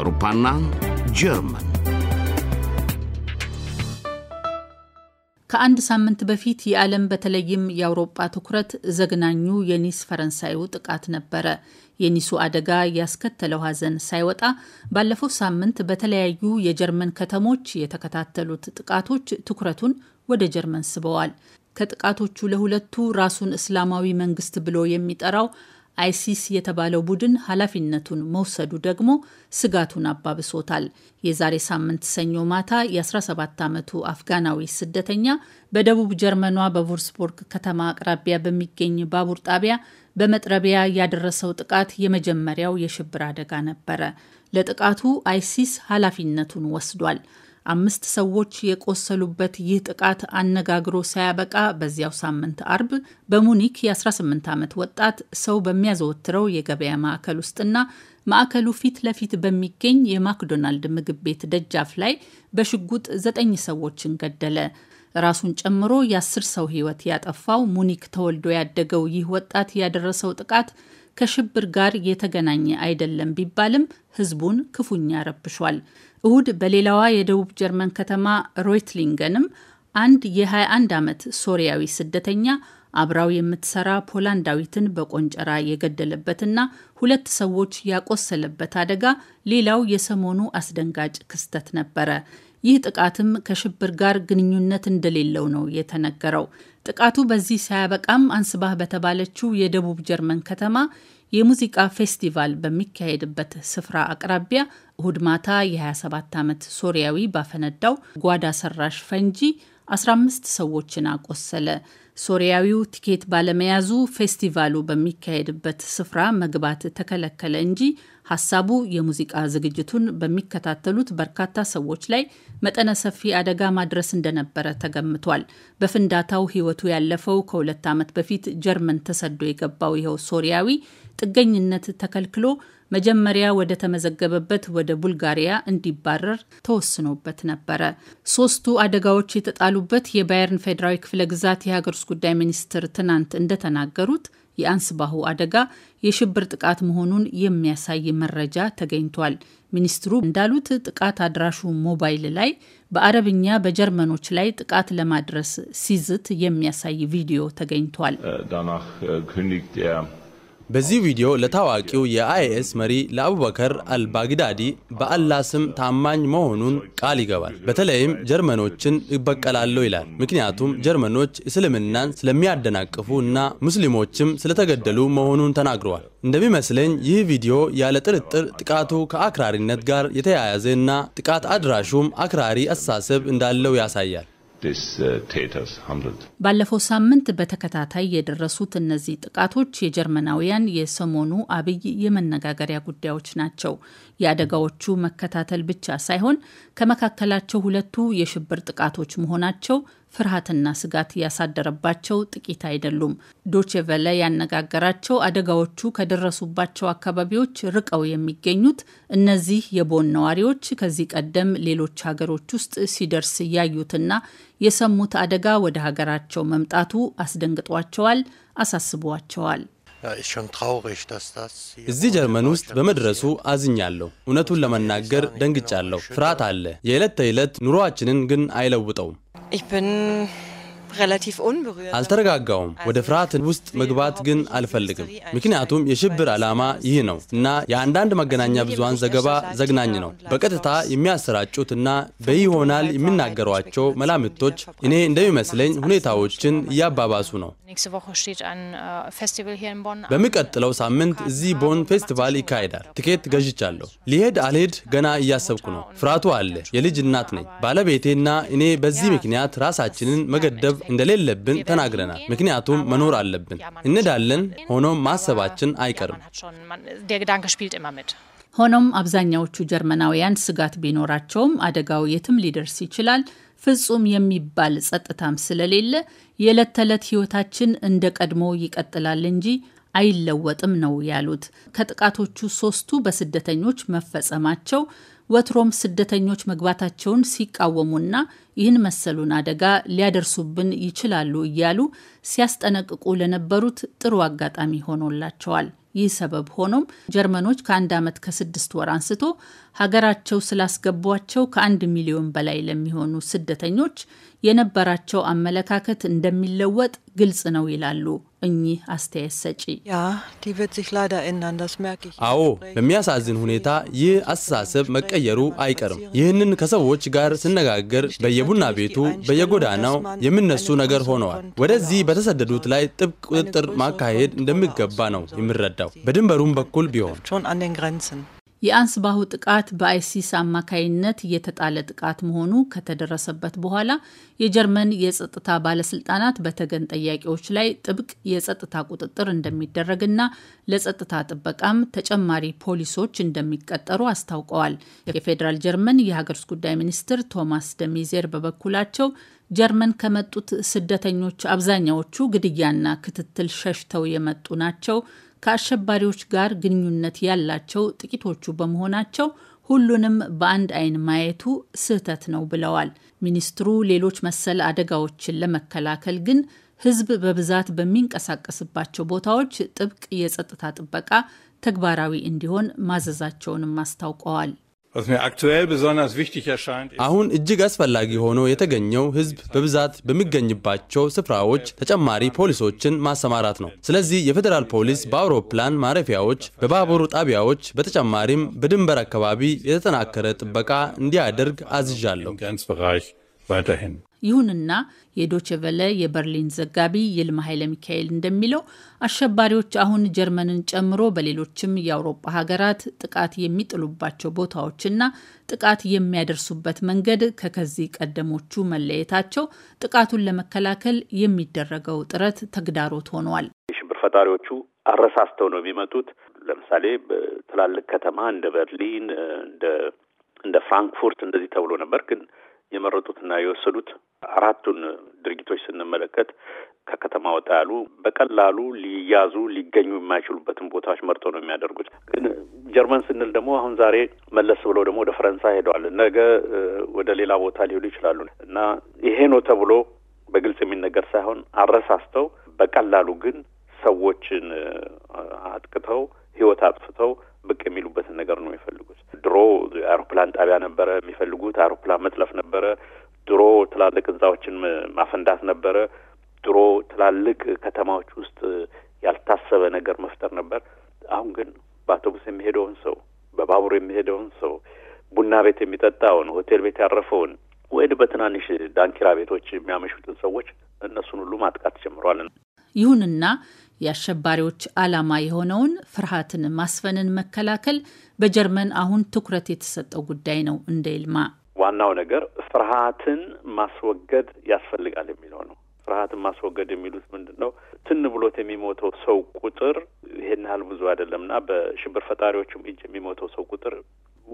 አውሮፓና ጀርመን ከአንድ ሳምንት በፊት የዓለም በተለይም የአውሮጳ ትኩረት ዘግናኙ የኒስ ፈረንሳዩ ጥቃት ነበረ። የኒሱ አደጋ ያስከተለው ሐዘን ሳይወጣ ባለፈው ሳምንት በተለያዩ የጀርመን ከተሞች የተከታተሉት ጥቃቶች ትኩረቱን ወደ ጀርመን ስበዋል። ከጥቃቶቹ ለሁለቱ ራሱን እስላማዊ መንግስት ብሎ የሚጠራው አይሲስ የተባለው ቡድን ኃላፊነቱን መውሰዱ ደግሞ ስጋቱን አባብሶታል። የዛሬ ሳምንት ሰኞ ማታ የ17 ዓመቱ አፍጋናዊ ስደተኛ በደቡብ ጀርመኗ በቮልስቦርግ ከተማ አቅራቢያ በሚገኝ ባቡር ጣቢያ በመጥረቢያ ያደረሰው ጥቃት የመጀመሪያው የሽብር አደጋ ነበረ። ለጥቃቱ አይሲስ ኃላፊነቱን ወስዷል። አምስት ሰዎች የቆሰሉበት ይህ ጥቃት አነጋግሮ ሳያበቃ በዚያው ሳምንት አርብ በሙኒክ የ18 ዓመት ወጣት ሰው በሚያዘወትረው የገበያ ማዕከል ውስጥና ማዕከሉ ፊት ለፊት በሚገኝ የማክዶናልድ ምግብ ቤት ደጃፍ ላይ በሽጉጥ ዘጠኝ ሰዎችን ገደለ። ራሱን ጨምሮ የአስር ሰው ሕይወት ያጠፋው ሙኒክ ተወልዶ ያደገው ይህ ወጣት ያደረሰው ጥቃት ከሽብር ጋር የተገናኘ አይደለም ቢባልም ህዝቡን ክፉኛ ረብሿል። እሁድ በሌላዋ የደቡብ ጀርመን ከተማ ሮይትሊንገንም አንድ የ21 ዓመት ሶሪያዊ ስደተኛ አብራው የምትሰራ ፖላንዳዊትን በቆንጨራ የገደለበትና ሁለት ሰዎች ያቆሰለበት አደጋ ሌላው የሰሞኑ አስደንጋጭ ክስተት ነበረ። ይህ ጥቃትም ከሽብር ጋር ግንኙነት እንደሌለው ነው የተነገረው። ጥቃቱ በዚህ ሳያበቃም አንስባህ በተባለችው የደቡብ ጀርመን ከተማ የሙዚቃ ፌስቲቫል በሚካሄድበት ስፍራ አቅራቢያ እሁድ ማታ የ27 ዓመት ሶሪያዊ ባፈነዳው ጓዳ ሰራሽ ፈንጂ 15 ሰዎችን አቆሰለ። ሶሪያዊው ቲኬት ባለመያዙ ፌስቲቫሉ በሚካሄድበት ስፍራ መግባት ተከለከለ እንጂ ሀሳቡ የሙዚቃ ዝግጅቱን በሚከታተሉት በርካታ ሰዎች ላይ መጠነ ሰፊ አደጋ ማድረስ እንደነበረ ተገምቷል። በፍንዳታው ሕይወቱ ያለፈው ከሁለት ዓመት በፊት ጀርመን ተሰዶ የገባው ይኸው ሶሪያዊ ጥገኝነት ተከልክሎ መጀመሪያ ወደ ተመዘገበበት ወደ ቡልጋሪያ እንዲባረር ተወስኖበት ነበረ። ሶስቱ አደጋዎች የተጣሉበት የባየርን ፌዴራዊ ክፍለ ግዛት የሀገር ውስጥ ጉዳይ ሚኒስትር ትናንት እንደተናገሩት የአንስባሁ አደጋ የሽብር ጥቃት መሆኑን የሚያሳይ መረጃ ተገኝቷል። ሚኒስትሩ እንዳሉት ጥቃት አድራሹ ሞባይል ላይ በአረብኛ በጀርመኖች ላይ ጥቃት ለማድረስ ሲዝት የሚያሳይ ቪዲዮ ተገኝቷል። በዚህ ቪዲዮ ለታዋቂው የአይኤስ መሪ ለአቡበከር አልባግዳዲ በአላህ ስም ታማኝ መሆኑን ቃል ይገባል። በተለይም ጀርመኖችን እበቀላለሁ ይላል። ምክንያቱም ጀርመኖች እስልምናን ስለሚያደናቅፉ እና ሙስሊሞችም ስለተገደሉ መሆኑን ተናግረዋል። እንደሚመስለኝ ይህ ቪዲዮ ያለ ጥርጥር ጥቃቱ ከአክራሪነት ጋር የተያያዘ እና ጥቃት አድራሹም አክራሪ አሳሰብ እንዳለው ያሳያል። Uh, ባለፈው ሳምንት በተከታታይ የደረሱት እነዚህ ጥቃቶች የጀርመናውያን የሰሞኑ አብይ የመነጋገሪያ ጉዳዮች ናቸው። የአደጋዎቹ መከታተል ብቻ ሳይሆን ከመካከላቸው ሁለቱ የሽብር ጥቃቶች መሆናቸው ፍርሃትና ስጋት ያሳደረባቸው ጥቂት አይደሉም። ዶቼቨለ ያነጋገራቸው አደጋዎቹ ከደረሱባቸው አካባቢዎች ርቀው የሚገኙት እነዚህ የቦን ነዋሪዎች ከዚህ ቀደም ሌሎች ሀገሮች ውስጥ ሲደርስ ያዩትና የሰሙት አደጋ ወደ ሀገራቸው መምጣቱ አስደንግጧቸዋል፣ አሳስቧቸዋል። እዚህ ጀርመን ውስጥ በመድረሱ አዝኛለሁ። እውነቱን ለመናገር ደንግጫለሁ። ፍርሃት አለ። የዕለት ተዕለት ኑሮአችንን ግን አይለውጠውም። Ich bin አልተረጋጋውም። ወደ ፍርሃት ውስጥ መግባት ግን አልፈልግም፣ ምክንያቱም የሽብር ዓላማ ይህ ነው እና የአንዳንድ መገናኛ ብዙሃን ዘገባ ዘግናኝ ነው። በቀጥታ የሚያሰራጩት እና በይሆናል የሚናገሯቸው መላምቶች እኔ እንደሚመስለኝ ሁኔታዎችን እያባባሱ ነው። äh, በሚቀጥለው ሳምንት እዚህ ቦን ፌስቲቫል ይካሄዳል። ትኬት ገዥቻለሁ። ሊሄድ አልሄድ ገና እያሰብኩ ነው። ፍርሃቱ አለ። የልጅ እናት ነኝ። ባለቤቴና እኔ በዚህ ምክንያት ራሳችንን መገደብ ማሰብ እንደሌለብን ተናግረናል። ምክንያቱም መኖር አለብን፣ እንዳለን ሆኖም ማሰባችን አይቀርም። ሆኖም አብዛኛዎቹ ጀርመናውያን ስጋት ቢኖራቸውም አደጋው የትም ሊደርስ ይችላል፣ ፍጹም የሚባል ጸጥታም ስለሌለ የዕለት ተዕለት ሕይወታችን እንደ ቀድሞ ይቀጥላል እንጂ አይለወጥም ነው ያሉት። ከጥቃቶቹ ሶስቱ በስደተኞች መፈጸማቸው ወትሮም ስደተኞች መግባታቸውን ሲቃወሙና ይህን መሰሉን አደጋ ሊያደርሱብን ይችላሉ እያሉ ሲያስጠነቅቁ ለነበሩት ጥሩ አጋጣሚ ሆኖላቸዋል። ይህ ሰበብ ሆኖም ጀርመኖች ከአንድ ዓመት ከስድስት ወር አንስቶ ሀገራቸው ስላስገቧቸው ከአንድ ሚሊዮን በላይ ለሚሆኑ ስደተኞች የነበራቸው አመለካከት እንደሚለወጥ ግልጽ ነው ይላሉ እኚህ አስተያየት ሰጪ። አዎ፣ በሚያሳዝን ሁኔታ ይህ አስተሳሰብ መቀየሩ አይቀርም። ይህንን ከሰዎች ጋር ስነጋገር በየቡና ቤቱ በየጎዳናው የሚነሱ ነገር ሆነዋል። ወደዚህ በተሰደዱት ላይ ጥብቅ ቁጥጥር ማካሄድ እንደሚገባ ነው የምረዳው፣ በድንበሩም በኩል ቢሆን የአንስባሁ ጥቃት በአይሲስ አማካይነት የተጣለ ጥቃት መሆኑ ከተደረሰበት በኋላ የጀርመን የጸጥታ ባለስልጣናት በተገን ጠያቂዎች ላይ ጥብቅ የጸጥታ ቁጥጥር እንደሚደረግና ለጸጥታ ጥበቃም ተጨማሪ ፖሊሶች እንደሚቀጠሩ አስታውቀዋል። የፌዴራል ጀርመን የሀገር ውስጥ ጉዳይ ሚኒስትር ቶማስ ደሚዜር በበኩላቸው ጀርመን ከመጡት ስደተኞች አብዛኛዎቹ ግድያና ክትትል ሸሽተው የመጡ ናቸው ከአሸባሪዎች ጋር ግንኙነት ያላቸው ጥቂቶቹ በመሆናቸው ሁሉንም በአንድ አይን ማየቱ ስህተት ነው ብለዋል። ሚኒስትሩ ሌሎች መሰል አደጋዎችን ለመከላከል ግን ሕዝብ በብዛት በሚንቀሳቀስባቸው ቦታዎች ጥብቅ የጸጥታ ጥበቃ ተግባራዊ እንዲሆን ማዘዛቸውንም አስታውቀዋል። አሁን እጅግ አስፈላጊ ሆኖ የተገኘው ህዝብ በብዛት በሚገኝባቸው ስፍራዎች ተጨማሪ ፖሊሶችን ማሰማራት ነው። ስለዚህ የፌዴራል ፖሊስ በአውሮፕላን ማረፊያዎች፣ በባቡር ጣቢያዎች፣ በተጨማሪም በድንበር አካባቢ የተጠናከረ ጥበቃ እንዲያደርግ አዝዣለሁ። ይሁንና የዶችቨለ የበርሊን ዘጋቢ ይልማ ኃይለ ሚካኤል እንደሚለው አሸባሪዎች አሁን ጀርመንን ጨምሮ በሌሎችም የአውሮፓ ሀገራት ጥቃት የሚጥሉባቸው ቦታዎችና ጥቃት የሚያደርሱበት መንገድ ከከዚህ ቀደሞቹ መለየታቸው ጥቃቱን ለመከላከል የሚደረገው ጥረት ተግዳሮት ሆኗል። የሽብር ፈጣሪዎቹ አረሳስተው ነው የሚመጡት። ለምሳሌ በትላልቅ ከተማ እንደ በርሊን እንደ እንደ ፍራንክፉርት እንደዚህ ተብሎ ነበር ግን የመረጡትና የወሰዱት አራቱን ድርጊቶች ስንመለከት ከከተማ ወጣ ያሉ በቀላሉ ሊያዙ ሊገኙ የማይችሉበትን ቦታዎች መርጦ ነው የሚያደርጉት። ግን ጀርመን ስንል ደግሞ አሁን ዛሬ መለስ ብለው ደግሞ ወደ ፈረንሳይ ሄደዋል፣ ነገ ወደ ሌላ ቦታ ሊሄዱ ይችላሉ እና ይሄ ነው ተብሎ በግልጽ የሚነገር ሳይሆን አረሳስተው በቀላሉ ግን ሰዎችን አጥቅተው ህይወት አጥፍተው ብቅ የሚሉበትን ነገር ነው የሚፈልጉ። ድሮ አውሮፕላን ጣቢያ ነበረ የሚፈልጉት፣ አውሮፕላን መጥለፍ ነበረ። ድሮ ትላልቅ ህንጻዎችን ማፈንዳት ነበረ። ድሮ ትላልቅ ከተማዎች ውስጥ ያልታሰበ ነገር መፍጠር ነበር። አሁን ግን በአውቶቡስ የሚሄደውን ሰው፣ በባቡር የሚሄደውን ሰው፣ ቡና ቤት የሚጠጣውን፣ ሆቴል ቤት ያረፈውን ወይ በትናንሽ ዳንኪራ ቤቶች የሚያመሹትን ሰዎች እነሱን ሁሉ ማጥቃት ጀምሯል። ይሁንና የአሸባሪዎች ዓላማ የሆነውን ፍርሃትን ማስፈንን መከላከል በጀርመን አሁን ትኩረት የተሰጠው ጉዳይ ነው። እንደ ይልማ ዋናው ነገር ፍርሃትን ማስወገድ ያስፈልጋል የሚለው ነው። ፍርሃትን ማስወገድ የሚሉት ምንድን ነው? ትን ብሎት የሚሞተው ሰው ቁጥር ይሄን ያህል ብዙ አይደለም እና በሽብር ፈጣሪዎችም እጅ የሚሞተው ሰው ቁጥር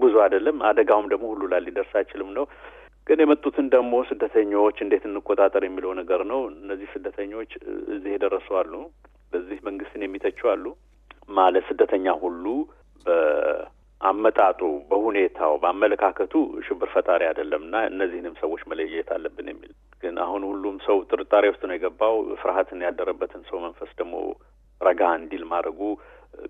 ብዙ አይደለም። አደጋውም ደግሞ ሁሉ ላይ ሊደርስ አይችልም ነው ግን የመጡትን ደግሞ ስደተኞች እንዴት እንቆጣጠር የሚለው ነገር ነው። እነዚህ ስደተኞች እዚህ የደረሱ አሉ። በዚህ መንግስትን የሚተቹ አሉ። ማለት ስደተኛ ሁሉ በአመጣጡ፣ በሁኔታው፣ በአመለካከቱ ሽብር ፈጣሪ አይደለም እና እነዚህንም ሰዎች መለየት አለብን የሚል ግን አሁን ሁሉም ሰው ጥርጣሬ ውስጥ ነው የገባው። ፍርሃትን ያደረበትን ሰው መንፈስ ደግሞ ረጋ እንዲል ማድረጉ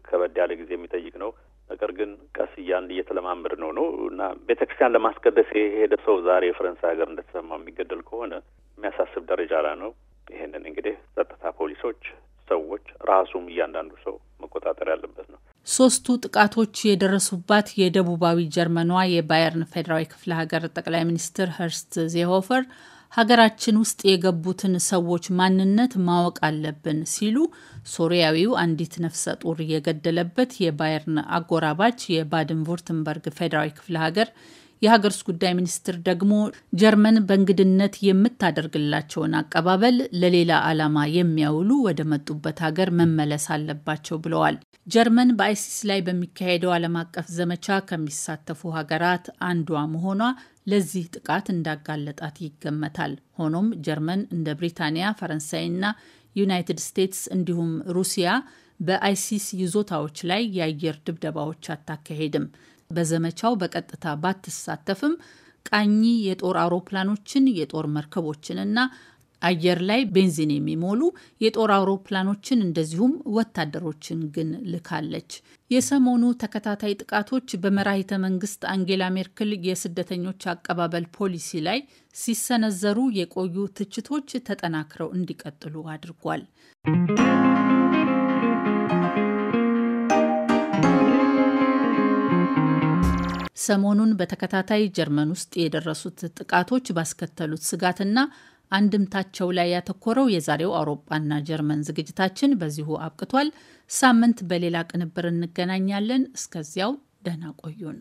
ከበድ ያለ ጊዜ የሚጠይቅ ነው። ነገር ግን ቀስ እያን እየተለማመድ ነው ነው እና ቤተክርስቲያን ለማስቀደስ የሄደ ሰው ዛሬ የፈረንሳይ ሀገር እንደተሰማ የሚገደል ከሆነ የሚያሳስብ ደረጃ ላይ ነው። ይህንን እንግዲህ ጸጥታ ፖሊሶች ሰዎች ራሱም እያንዳንዱ ሰው መቆጣጠር ያለበት ነው። ሶስቱ ጥቃቶች የደረሱባት የደቡባዊ ጀርመኗ የባየርን ፌዴራዊ ክፍለ ሀገር ጠቅላይ ሚኒስትር ኸርስት ዜሆፈር ሀገራችን ውስጥ የገቡትን ሰዎች ማንነት ማወቅ አለብን ሲሉ ሶሪያዊው አንዲት ነፍሰ ጡር የገደለበት የባየርን አጎራባች የባድን ቮርትንበርግ ፌዴራዊ ክፍለ ሀገር የሀገር ውስጥ ጉዳይ ሚኒስትር ደግሞ ጀርመን በእንግድነት የምታደርግላቸውን አቀባበል ለሌላ ዓላማ የሚያውሉ ወደ መጡበት ሀገር መመለስ አለባቸው ብለዋል። ጀርመን በአይሲስ ላይ በሚካሄደው ዓለም አቀፍ ዘመቻ ከሚሳተፉ ሀገራት አንዷ መሆኗ ለዚህ ጥቃት እንዳጋለጣት ይገመታል። ሆኖም ጀርመን እንደ ብሪታንያ፣ ፈረንሳይና ዩናይትድ ስቴትስ እንዲሁም ሩሲያ በአይሲስ ይዞታዎች ላይ የአየር ድብደባዎች አታካሄድም። በዘመቻው በቀጥታ ባትሳተፍም ቃኝ የጦር አውሮፕላኖችን የጦር መርከቦችንና አየር ላይ ቤንዚን የሚሞሉ የጦር አውሮፕላኖችን እንደዚሁም ወታደሮችን ግን ልካለች። የሰሞኑ ተከታታይ ጥቃቶች በመራሂተ መንግስት አንጌላ ሜርክል የስደተኞች አቀባበል ፖሊሲ ላይ ሲሰነዘሩ የቆዩ ትችቶች ተጠናክረው እንዲቀጥሉ አድርጓል። ሰሞኑን በተከታታይ ጀርመን ውስጥ የደረሱት ጥቃቶች ባስከተሉት ስጋትና አንድምታቸው ላይ ያተኮረው የዛሬው አውሮፓና ጀርመን ዝግጅታችን በዚሁ አብቅቷል። ሳምንት በሌላ ቅንብር እንገናኛለን። እስከዚያው ደህና ቆዩን።